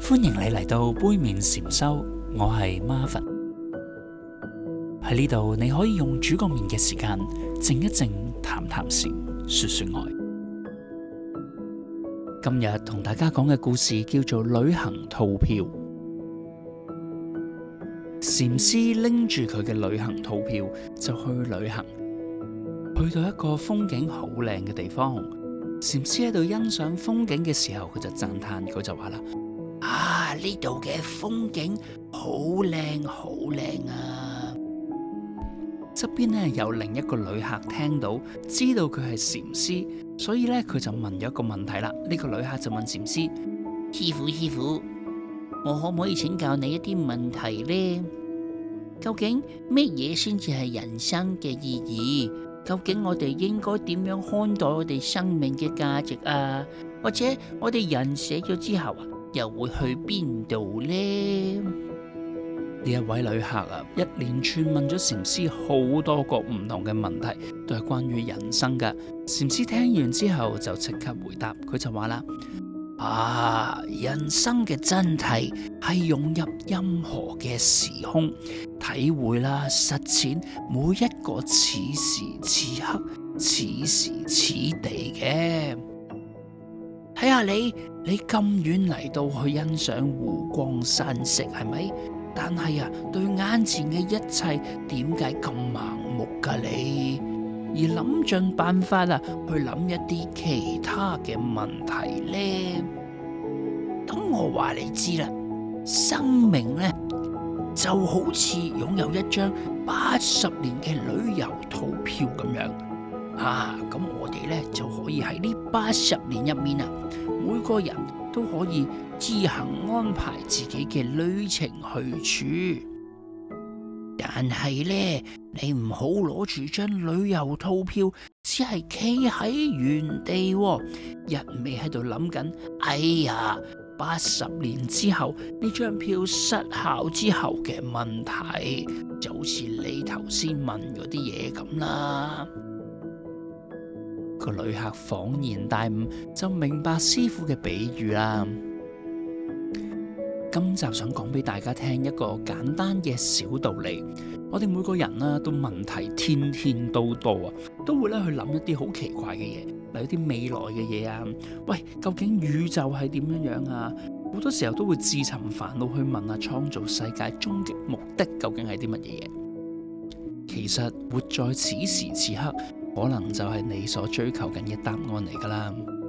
歡迎你嚟到杯麵禪修，我係 Marvin 喺呢度。你可以用煮個麵嘅時間靜一靜，談談禪，說說愛。今日同大家講嘅故事叫做旅行套票。禪師拎住佢嘅旅行套票就去旅行，去到一個風景好靚嘅地方。禪師喺度欣賞風景嘅時候，佢就讚嘆，佢就話啦。呢度嘅風景好靚，好靚啊！側邊呢，有另一個旅客聽到，知道佢係禪師，所以呢，佢就問咗一個問題啦。呢個旅客就問禪師：師傅，師傅，我可唔可以請教你一啲問題呢？究竟咩嘢先至係人生嘅意義？究竟我哋應該點樣看待我哋生命嘅價值啊？或者我哋人死咗之後啊？又會去邊度呢？呢一位旅客啊，一連串問咗禪師好多個唔同嘅問題，都係關於人生嘅。禪師聽完之後就即刻回答，佢就話啦：啊，人生嘅真諦係融入任何嘅時空，體會啦，實踐每一個此時此刻、此時此地嘅。睇下你，你咁遠嚟到去欣賞湖光山色係咪？但係啊，對眼前嘅一切點解咁盲目噶、啊、你？而諗盡辦法啦、啊，去諗一啲其他嘅問題咧。等我話你知啦，生命咧就好似擁有一張八十年嘅旅遊套票咁樣。啊，咁我哋呢就可以喺呢八十年入面啊，每個人都可以自行安排自己嘅旅程去處。但係呢，你唔好攞住張旅遊套票，只係企喺原地啊，一味喺度諗緊。哎呀，八十年之後呢張票失效之後嘅問題，就好似你頭先問嗰啲嘢咁啦。個旅客恍然大悟，就明白師傅嘅比喻啦。今集想講俾大家聽一個簡單嘅小道理。我哋每個人啦，都問題天天都多啊，都會咧去諗一啲好奇怪嘅嘢，例如啲未來嘅嘢啊。喂，究竟宇宙係點樣樣啊？好多時候都會自尋煩惱去問下創造世界終極目的究竟係啲乜嘢嘢？其實活在此時此刻。可能就係你所追求緊嘅答案嚟㗎喇。